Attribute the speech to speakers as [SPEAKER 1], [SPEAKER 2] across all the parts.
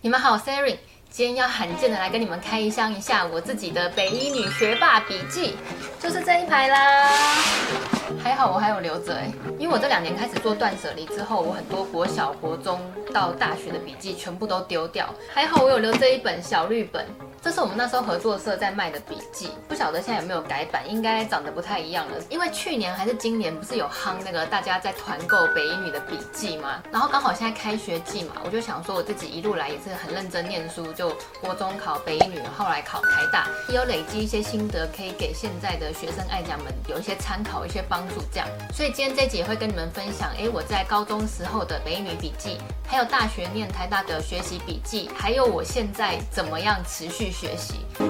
[SPEAKER 1] 你們好，Erin，今天要罕見的來跟你們開箱一下我自己的北一女學霸筆記，就是這一排啦。還好我還有留着哎、欸，因為我這兩年開始做斷舍離之後，我很多國小、國中到大學的筆記全部都丟掉。還好我有留這一本小綠本，這是我們那時候合作社在賣的筆記，不曉得現在有沒有改版，應該長得不太一樣了。因為去年還是今年，不是有夯那個大家在團購北一女的筆記嗎？然後剛好現在開學季嘛，我就想說我自己一路來也是很認真念書，就國中考北一女，後來考台大，也有累積一些心得，可以給現在的學生艾醬們有一些參考，一些幫。這樣，所以今天這集會跟你們分享誒，我在高中時候的北一女筆記，還有大學念台大的學習筆記，還有我現在怎麼樣持續學習。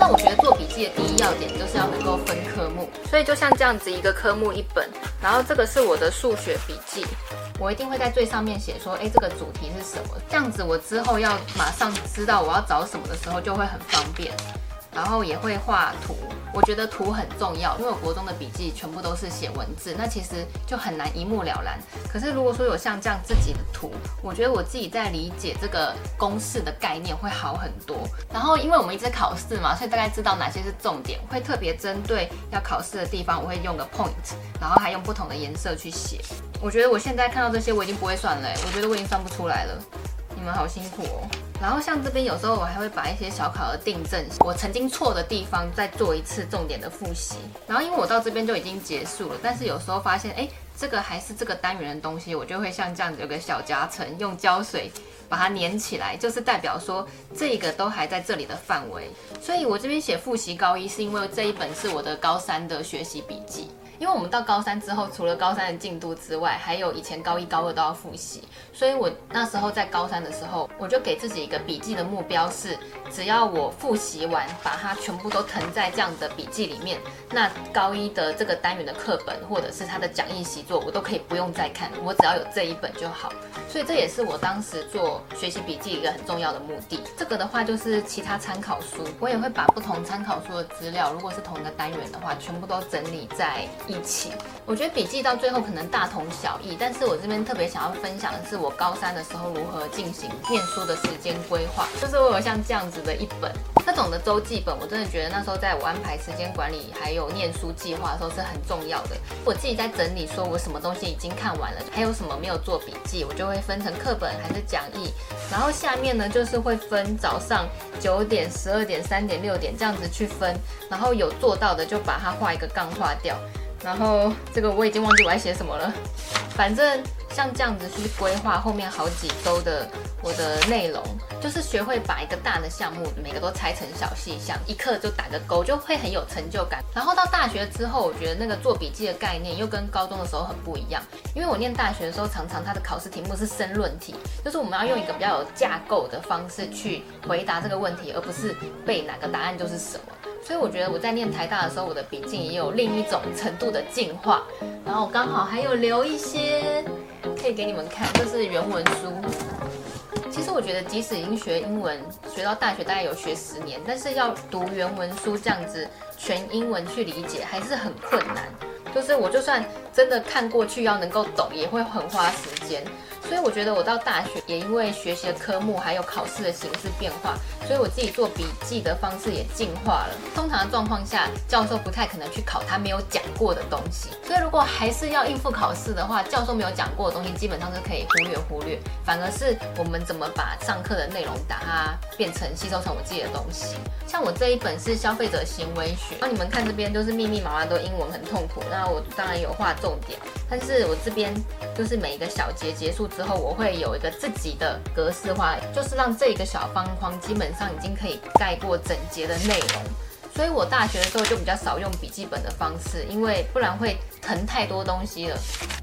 [SPEAKER 1] 那我覺得做筆記的第一要點就是要能夠分科目，所以就像這樣子一個科目一本，然後這個是我的數學筆記，我一定會在最上面寫說，哎，這個主題是什麼，這樣子我之後要馬上知道我要找什麼的時候就會很方便。然後也會畫圖，我覺得圖很重要，因為我國中的筆記全部都是寫文字，那其實就很難一目了然。可是如果說有像這樣自己的圖，我覺得我自己在理解這個公式的概念會好很多。然後因為我們一直考試嘛，所以大概知道哪些是重點，會特別針對要考試的地方，我會用個 point，然後還用不同的顏色去寫。我覺得我現在看到這些，我已經不會算了，欸，我覺得我已經算不出來了。你們好辛苦哦。然後像這邊，有時候我還會把一些小考的訂正，我曾經錯的地方再做一次重點的複習。然後因為我到這邊就已經結束了，但是有時候發現，哎，這個還是這個單元的東西，我就會像這樣子有個小夾層，用膠水把它粘起來，就是代表說這個都還在這裡的範圍。所以我這邊寫複習高一，是因為這一本是我的高三的學習筆記。因為我們到高三之後，除了高三的進度之外，還有以前高一高二都要複習，所以我那時候在高三的時候，我就給自己一個筆記的目標是，只要我複習完，把它全部都謄在這樣的筆記裡面，那高一的這個單元的課本或者是它的講義習作，我都可以不用再看，我只要有這一本就好。所以這也是我當時做學習筆記一個很重要的目的。這個的話就是其他參考書，我也會把不同參考書的資料，如果是同一個單元的話，全部都整理在。一起，我覺得筆記到最後可能大同小異，但是我這邊特別想要分享的是我高三的時候如何進行念書的時間規劃，就是我有像這樣子的一本，這種的周記本，我真的覺得那時候在我安排時間管理還有念書計劃的時候是很重要的。我自己在整理，說我什麼東西已經看完了，還有什麼沒有做筆記，我就會分成課本還是講義，然後下面呢，就是會分早上九點、十二點、三點、六點這樣子去分，然後有做到的就把它畫一個槓畫掉。然後這個我已經忘記我要寫什麼了，反正像這樣子去規劃後面好幾周的我的內容，就是學會把一個大的項目每個都拆成小細項，一刻就打個勾，就會很有成就感。然後到大學之後，我覺得那個做筆記的概念又跟高中的時候很不一樣，因為我念大學的時候常常它的考試題目是申論題，就是我們要用一個比較有架構的方式去回答這個問題，而不是背哪個答案就是什麼。所以我覺得我在念台大的時候，我的筆記也有另一種程度的進化。然後剛好還有留一些可以給你們看，就是原文書。其實我覺得，即使已經學英文，學到大學大概有學十年，但是要讀原文書這樣子全英文去理解，還是很困難。就是我就算真的看過去要能夠懂，也會很花時間。所以我覺得我到大學，也因為學習的科目還有考試的形式變化，所以我自己做筆記的方式也進化了。通常的狀況下，教授不太可能去考他沒有講過的東西。所以如果還是要應付考試的話，教授沒有講過的東西基本上是可以忽略忽略。反而是我們怎麼把上課的內容把它，啊，變成吸收成我自己的東西。像我這一本是消費者行為學，那你們看這邊都是密密麻麻都英文很痛苦。那我當然有畫重點，但是我這邊就是每一個小節結束，之後我會有一個自己的格式化，就是讓這一個小方框基本上已經可以蓋過整節的內容。所以我大學的時候就比較少用筆記本的方式，因為不然會謄太多東西了。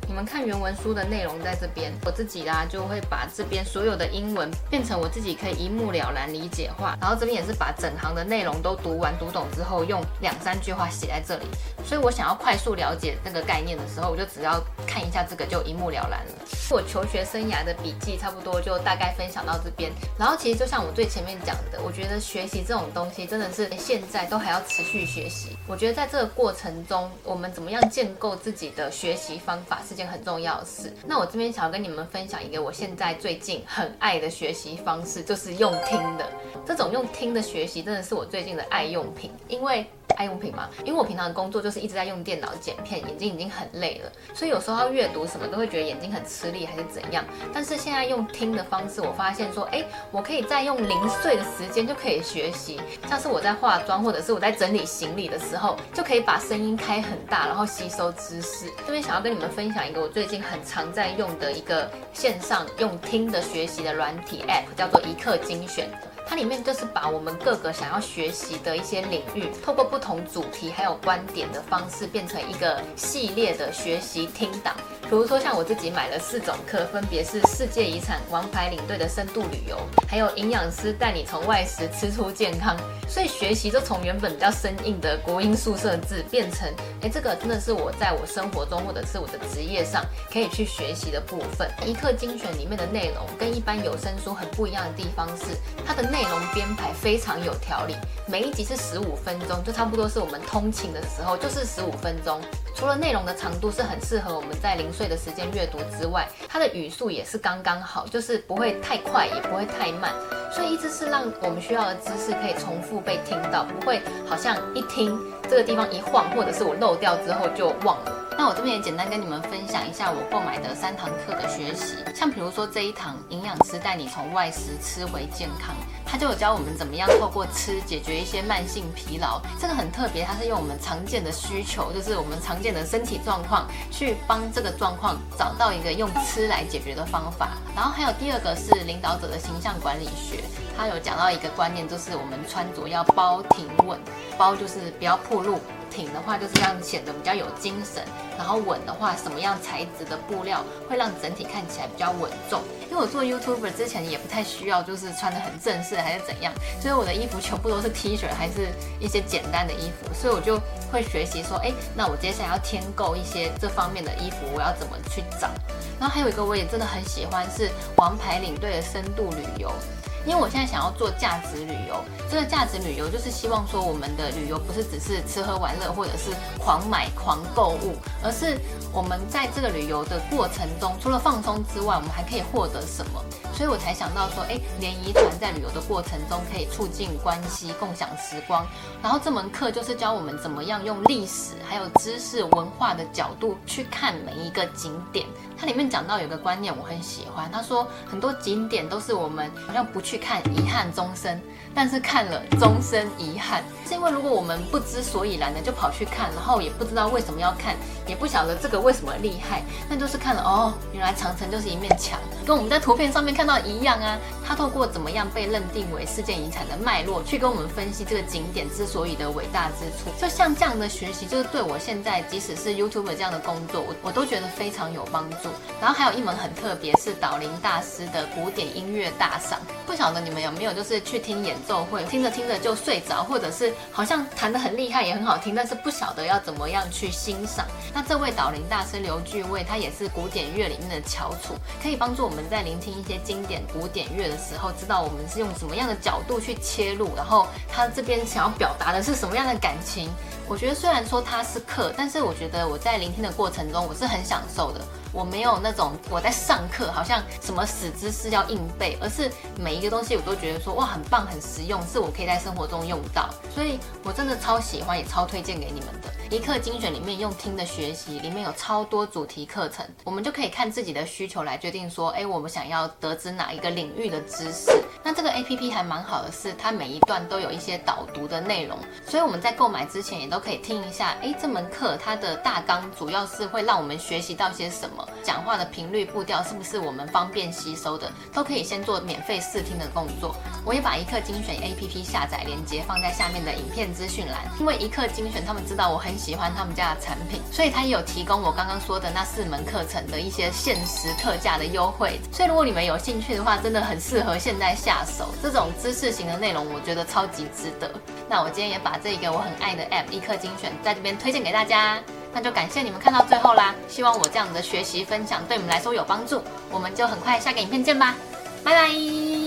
[SPEAKER 1] 你們看原文書的內容在這邊，我自己啦、啊、就會把這邊所有的英文變成我自己可以一目了然理解化，然後這邊也是把整行的內容都讀完讀懂之後，用兩三句話寫在這裡。所以我想要快速了解那個概念的時候，我就只要看一下這個就一目了然了。我求學生涯的筆記差不多就大概分享到這邊，然後其實就像我最前面講的，我覺得學習這種東西真的是連現在都。還要持續學習，我覺得在這個過程中，我們怎麼樣建構自己的學習方法是件很重要的事。那我這邊想要跟你們分享一個我現在最近很愛的學習方式，就是用聽的。這種用聽的學習真的是我最近的愛用品，因為。愛用品嘛？因為我平常的工作就是一直在用電腦剪片，眼睛已經很累了，所以有時候要閱讀什麼都會覺得眼睛很吃力，還是怎樣。但是現在用聽的方式，我發現說，哎，我可以再用零碎的時間就可以學習，像是我在化妝或者是我在整理行李的時候，就可以把聲音開很大，然後吸收知識。這邊想要跟你們分享一個我最近很常在用的一個線上用聽的學習的軟體 App，叫做一刻鯨選。它裡面就是把我們各個想要學習的一些領域，透過不同主題還有觀點的方式，變成一個系列的學習聽檔。比如說像我自己買了四種課，分別是世界遺產、王牌領隊的深度旅遊，還有營養師帶你從外食吃出健康。所以學習就從原本比較生硬的國英數社自變成哎、欸，這個真的是我在我生活中或者是我的職業上可以去學習的部分。欸、一刻鯨選裡面的內容跟一般有聲書很不一樣的地方是它的。內容編排非常有條理，每一集是十五分鐘，就差不多是我們通勤的時候，就是十五分鐘。除了內容的長度是很適合我們在零碎的時間閱讀之外，它的語速也是剛剛好，就是不會太快，也不會太慢。所以，一直是讓我們需要的知識可以重複被聽到，不會好像一聽這個地方一晃，或者是我漏掉之後就忘了。那我這邊也簡單跟你們分享一下我購買的三堂課的學習，像比如說這一堂營養師帶你從外食吃出健康，它就有教我們怎麼樣透過吃解決一些慢性疲勞。這個很特別，它是用我們常見的需求，就是我們常見的身體狀況，去幫這個狀況找到一個用吃來解決的方法。然後還有第二個是領導者的形象管理學。他有講到一個觀念，就是我們穿着要包挺穩，包就是不要暴露，挺的話就是這樣顯得比較有精神，然後穩的話，什麼樣材質的布料會讓整體看起來比較穩重？因為我做 YouTuber 之前也不太需要，就是穿得很正式還是怎樣，所以我的衣服全部都是 T 恤，還是一些簡單的衣服，所以我就會學習說，哎，那我接下來要添購一些這方面的衣服，我要怎麼去找？然後還有一個我也真的很喜歡是王牌領隊的深度旅遊。因為我現在想要做價值旅遊，這個價值旅遊就是希望說我們的旅遊不是只是吃喝玩樂或者是狂買狂購物，而是我們在這個旅遊的過程中，除了放鬆之外，我們還可以獲得什麼？所以我才想到說，哎，聯誼團在旅遊的過程中可以促進關係、共享時光。然後這門課就是教我們怎麼樣用歷史還有知識文化的角度去看每一個景點。它裡面講到有個觀念我很喜歡，他說很多景點都是我們好像不去。去看遺憾終身，但是看了終身遺憾，是因為如果我們不知所以然的就跑去看，然後也不知道為什麼要看，也不曉得這個為什麼厲害，那就是看了哦，原來長城就是一面牆，跟我們在圖片上面看到的一樣啊。他透過怎麼樣被認定為世界遺產的脈絡，去跟我們分析這個景點之所以的偉大之處。就像這樣的學習，就是對我現在即使是 YouTube 這樣的工作，我我都覺得非常有幫助。然後還有一門很特別，是導聆大師的古典音樂大賞。不曉得你們有沒有，就是去聽演奏會，聽着聽着就睡着，或者是好像彈得很厲害，也很好聽，但是不曉得要怎麼樣去欣賞。那這位導聆大師劉岠渭，他也是古典樂裡面的翹楚，可以幫助我們在聆聽一些經典古典樂的。時候知道我們是用什麼樣的角度去切入，然後他這邊想要表達的是什麼樣的感情。我覺得雖然說它是課，但是我覺得我在聆聽的過程中，我是很享受的。我沒有那種我在上課好像什麼死知識要硬背，而是每一個東西我都覺得說哇很棒，很實用，是我可以在生活中用到。所以我真的超喜歡，也超推薦給你們的。一刻鯨選裡面用聽的學習，裡面有超多主題課程，我們就可以看自己的需求來決定說，哎，我們想要得知哪一個領域的知識。那這個 APP 還蠻好的是，它每一段都有一些導讀的內容，所以我們在購買之前也都，都可以聽一下，哎，這門課它的大綱主要是會讓我們學習到些什麼？講話的頻率、步調是不是我們方便吸收的？都可以先做免費試聽的工作。我也把一刻鯨選 APP 下載連接放在下面的影片資訊欄。因為一刻鯨選他們知道我很喜歡他們家的產品，所以他也有提供我剛剛說的那四門課程的一些限時特價的優惠。所以如果你們有興趣的話，真的很適合現在下手。這種知識型的內容，我覺得超級值得。那我今天也把這個我很愛的 app 一刻鯨選在這邊推薦給大家，那就感謝你們看到最後啦！希望我這樣的學習分享對你們來說有幫助，我們就很快下個影片見吧，拜拜。